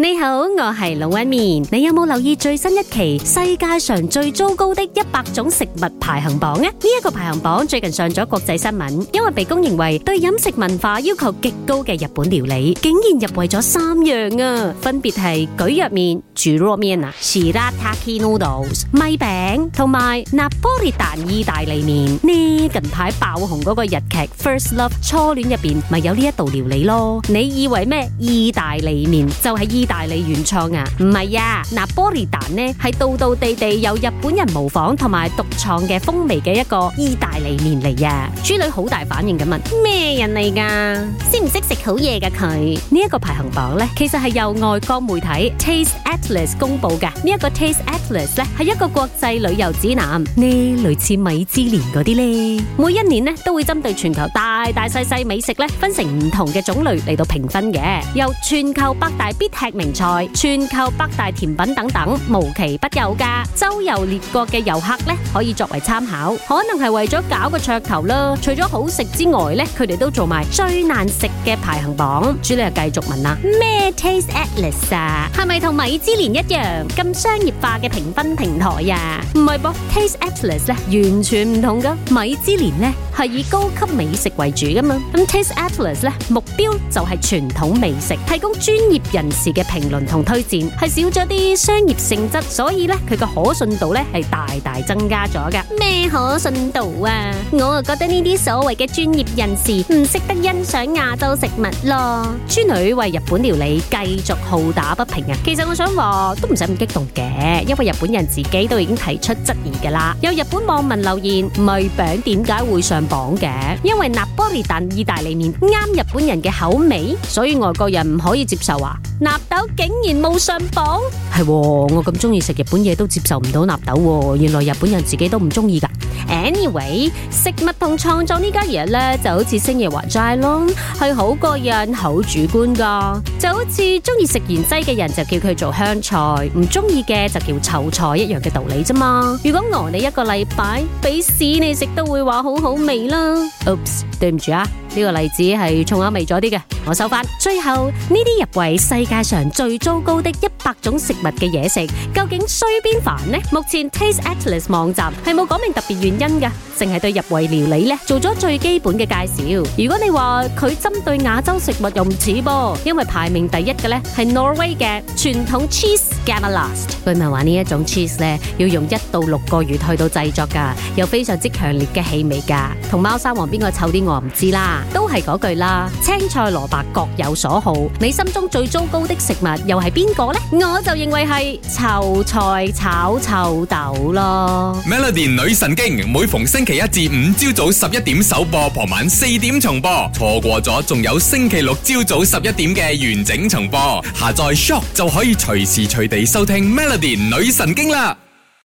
你好，我係龍紋敏。你有冇留意最新一期世界上最糟糕的一百種食物排行榜啊？呢、這、一個排行榜最近上咗國際新聞，因為被公認為對飲食文化要求極高嘅日本料理，竟然入圍咗三樣啊！分別係蒟蒻麵、蒟蒻麵啊、Shirataki Noodles、米餅同埋那波利蛋意大利麵。呢近排爆紅嗰個日劇《First Love》初戀入邊，咪有呢一道料理咯？你以為咩意大利麵就係意？意大利原創啊，唔係啊，嗱，波利丹呢係道道地地由日本人模仿同埋獨創嘅風味嘅一個意大利麵嚟啊！豬女好大反應咁問：咩人嚟㗎？識唔識食好嘢㗎？佢呢一個排行榜呢，其實係由外國媒體 Taste Atlas 公佈嘅。呢一個 Taste Atlas 呢係一個國際旅遊指南呢，類似米芝蓮嗰啲呢，每一年呢都會針對全球大大大細細美食咧，分成唔同嘅種類嚟到評分嘅，由全球百大必吃名菜、全球百大甜品等等，無奇不有噶。周遊列國嘅遊客咧，可以作為參考。可能係為咗搞個噱頭啦。除咗好食之外咧，佢哋都做埋最難食嘅排行榜。主理啊，繼續問啦，咩 Taste Atlas 啊？係咪同米芝蓮一樣咁商業化嘅評分平台啊？唔係噃，Taste Atlas 咧，完全唔同噶。米芝蓮咧，係以高級美食為主噶嘛？咁 Taste Atlas 咧，目標就係傳統美食，提供專業人士嘅評論同推薦，係少咗啲商業性質，所以咧，佢嘅可信度咧係大大增加咗噶。咩可信度啊？我啊覺得呢啲所謂嘅專業人士唔識得欣賞亞洲食物咯。豬女為日本料理繼續好打不平啊！其實我想話都唔使咁激動嘅，因為日本人自己都已經提出質疑噶啦。有日本網民留言：米餅點解會上？榜嘅？因為納波利丹意大利麵啱日本人嘅口味，所以外國人唔可以接受啊！納豆竟然冇上榜，係，我咁中意食日本嘢都接受唔到納豆，原來日本人自己都唔中意噶。Anyway，食物同創作呢家嘢咧，就好似星爺話齋咯，係好個人好主觀噶，就好似中意食芫茜嘅人就叫佢做香菜，唔中意嘅就叫臭菜一樣嘅道理啫嘛。如果餓你一個禮拜，俾屎你食都會話好好味啦。Oops，對唔住啊。呢個例子係重口味咗啲嘅，我收翻。最後呢啲入圍世界上最糟糕的一百種食物嘅嘢食，究竟衰邊煩呢？目前 Taste Atlas 網站係冇講明特別原因嘅，淨係對入圍料理咧做咗最基本嘅介紹。如果你話佢針對亞洲食物又唔似噃，因為排名第一嘅咧係挪威嘅傳統 cheese gamalast。據聞話呢一種 cheese 咧要用一到六個月去到製作噶，有非常之強烈嘅氣味噶，同貓山王邊個臭啲，我唔知啦。都係嗰句啦，青菜蘿蔔各有所好。你心中最糟糕的食物又係邊個呢？我就認為係臭菜炒臭豆咯。Melody 女神經每逢星期一至五朝早十一點首播，傍晚四點重播。錯過咗，仲有星期六朝早十一點嘅完整重播。下載 Shock 就可以隨時隨地收聽 Melody 女神經啦。